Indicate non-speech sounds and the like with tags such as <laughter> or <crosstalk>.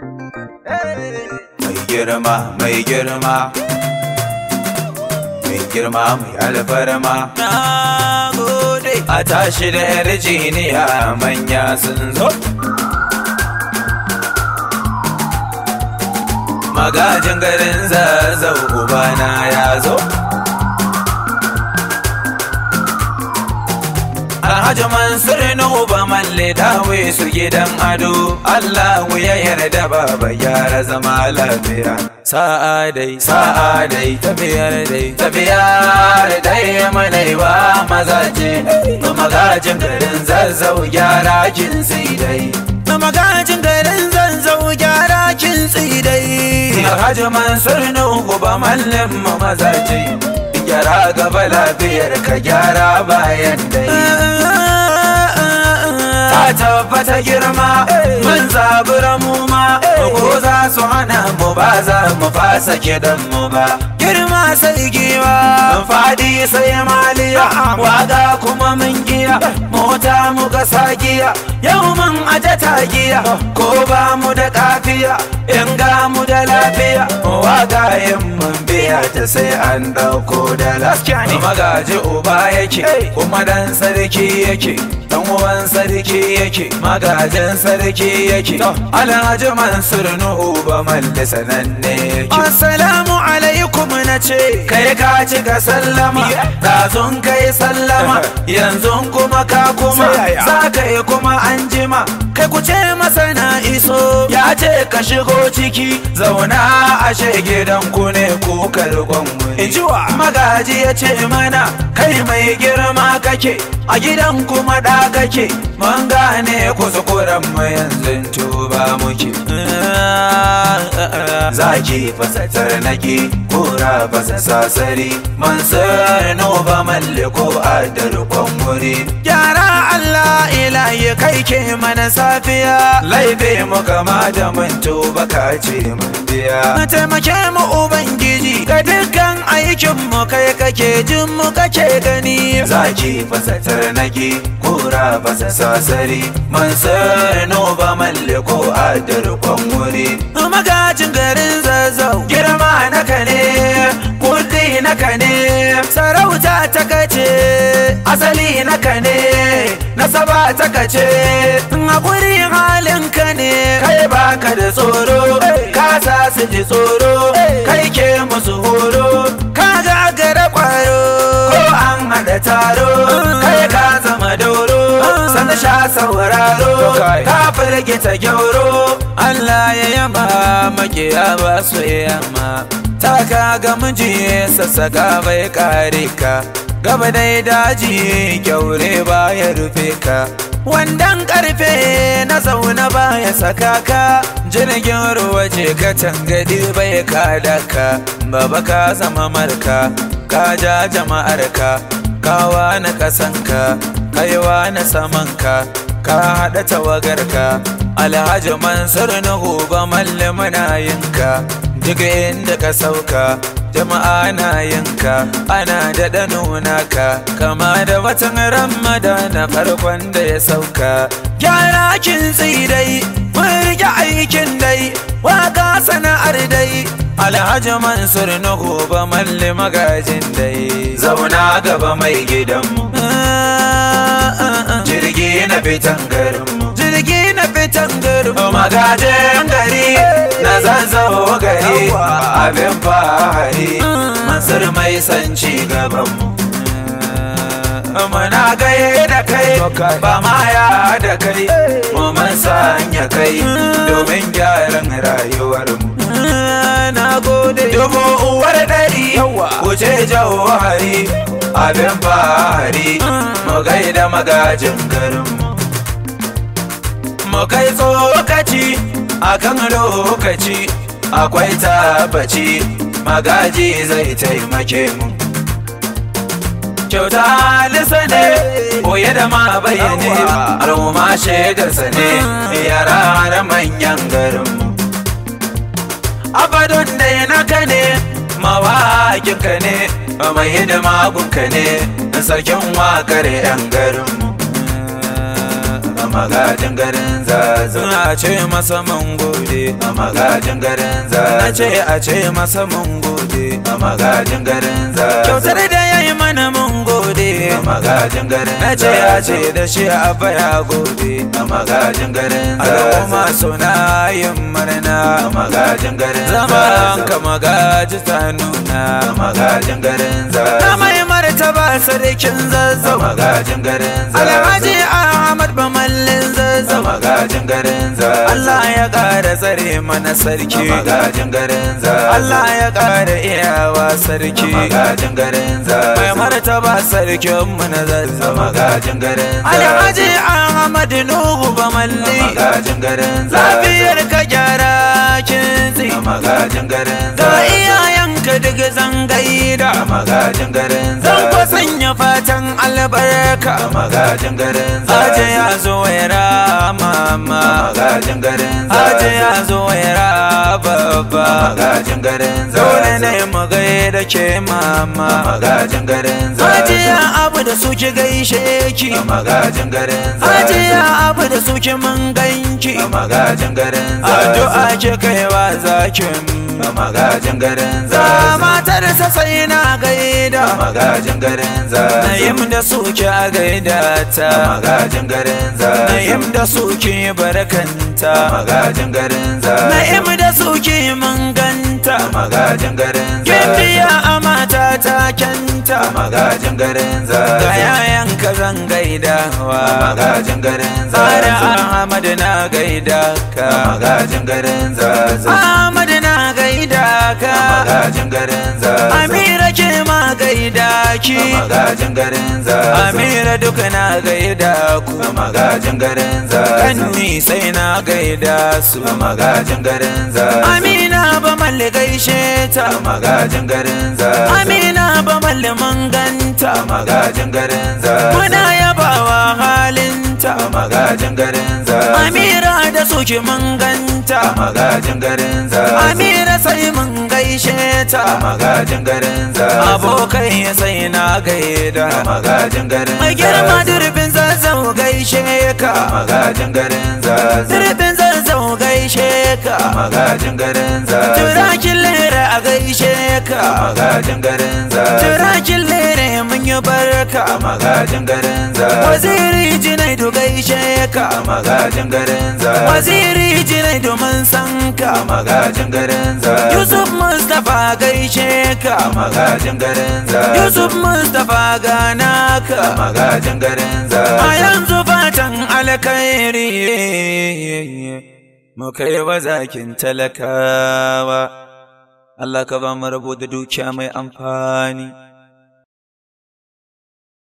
Mai girma, mai girma, mai girma, mai alfarma. Na gode. A tashi da yar jiniya manya sun zo. Magajin garin zazau ubana ya zo. Alhaji Mansur Nuhu ba malle dawe su gidan ado Allah ya yarda baba gyara zama lafiya sa'a dai sa'a dai tabiyar dai tabiyar dai Ba mazaje na magajin garin zazzau gyara kin dai na magajin garin zazzau gyara kin dai Alhaji Mansur Nuhu ba mallin mazaje gyara gaba lafiyar ka gyara bayan dai eh, eh, ta tabbata girma eh. mun zabura mu ma eh. ko za su hana mu ba za mu fasa kidan mu ba girma sai giwa fadi sai maliya waga kuma mun giya eh. mota mu ga sagiya yau mun aje giya. Oh. ko ba mu da kafiya in ga mu da lafiya waga yin ta sai an dauko da Kuma magaji uba yake kuma dan sarki yake dan uban sarki yake magajin sarki yake alhaji mansur nu uba malle sananne yake assalamu alaikum yakubu na ce kai ka ci ka sallama dazun zon kai sallama <laughs> yanzu kuma ka kuma za ka yi kuma an jima kai ku ce masa na iso ya ce ka shigo ciki zauna a gidan ku ne ko kalgon magaji ya ce mana kai mai girma kake a gidan kuma da kake mun gane kuskuren mu yanzu tuba muke zaki fasa ko kura fasa sasari mun sanu ba malliko a darkon wuri gyara Allah ilahi aike mana safiya laife mu kama da manto baka ce mun biya na taimake mu ubangiji ga dukkan aikin mu kai kake jin mu kake gani zaki fasatar nagi kura fasa sasari mansar noba malliko adar kwanguri magajin garin zazzau girma naka ne kurdi naka ne sarauta ta kace asali naka ne saba ta kace hakuri halin ka ne kai baka da tsoro ka sa su ji tsoro kai ke musu horo ka gagara kwaro ko an hada taro kai ka zama doro san sha sauraro ka ta gyauro Allah ya yaba makiya ba su yamma taka ga miji sassaka bai kare ka gaba dai daji kyaure ya rufe ka wandan karfe na zauna ba ya saka ka jirgin ruwa ce ka tangadi bai daka ka baba ka zama marka ka ja jama'ar ka kawa na kasanka kaiwa na samanka ka haɗa tawagarka alhaji mansur na gobe mallamin yinka duk inda ka sauka jama'a na yanka, ana daɗa nuna ka kama da watan na farkon da ya sauka gyara kin dai! mun rike aikin dai waka sana'ar dai alhaji mansur na gobe malli magajin dai zauna gaba mai gidanmu jirgi na fitan garinmu jirgi na fitan garinmu magajin gari na zanzawo gari abin fahari mai san ci gaban mu muna gaye da kai ba ma ya da kai mu mun sanya kai domin gyaran rayuwar mu na gode dubu uwar dari wuce jawari abin fahari mu gaida magajin garin mu kai tsokaci akan lokaci akwai tabbaci magaji zai taimake mu kyauta lisa ne boye da ma bayyane al'umma shaidarsa ne yara da manyan garin mu. abadun da ya naka ne mawakinka ne mai hidima gunka ne sarkin wakar 'yan garin mu. magajin garin zazo Na ce masa mun gode a magajin garin zazo na ce a ce masa mun gode a magajin garin zazo kyautar da yayi mana mun gode a magajin garin na ce a ce da shi a baya gode a magajin garin zazo al'umma suna yin murna a magajin garin zazo zama ka magaji ta nuna a magajin garin zazo na mai martaba sarkin zazo a magajin garin zazo alhaji a magajin garin za Allah ya ƙara tsare mana sarki A magajin garin za Allah ya ƙara iyawa sarki A magajin garin za mai martaba sarkin mu na zazza magajin garin za Alhaji Ahmad Nuhu Bamalli magajin garin za lafiyar ka gyara kintsi magajin garin za iyayenka duk zangaida magajin garin za sanya fatan albarka magajin garin zaje ya zo ya rama mama magajin garin zaje ya zo ya rama baba magajin garin zazu dole ne mu gaida ke mama magajin garin zazu hajiya abu da suke gaishe ki magajin garin zazu hajiya abu da suke mun ganki magajin garin zazu addu'a ke kaiwa zakin magajin garin za matar sa sai na gaida magajin garin Na nayim da suke a gaida ta magajin garin za nayim da suke Maga magajin garin Na nayim da su suke manganta ganta magajin garin za biya a mata ta kyanta magajin garin za ga yayan ka zan gaidawa magajin garin za ara ahmad na gaida ka magajin garin za ahmad na gaida ka magajin garin za amira ke ma gaida ki magajin garin zaza amira duka na gaida ku magajin garin zaza kanni sai na gaida su magajin garin zaza amina ba malle gaishe ta magajin garin zaza amina ba malle manganta magajin garin zaza muna yabawa halinta magajin garin zaza amira da suke manganta magajin garin zaza amira sai mun gaishe ta magajin garin zazzau abokai sai na gaida magajin garin zaza. mai girma durbin zazzau gaishe ka magajin garin zazzau gaishe ka magajin garin za turakin lera a gaishe ka magajin garin za turakin lera mun yi barka magajin garin za waziri jinai do gaishe ka magajin garin za waziri jinai do mun san ka magajin garin za yusuf mustafa gaishe ka magajin garin za yusuf mustafa gana ka magajin garin za a yanzu fatan alkhairi muka yi zakin talakawa, Allah ka ba mu rabo da dukiya mai amfani.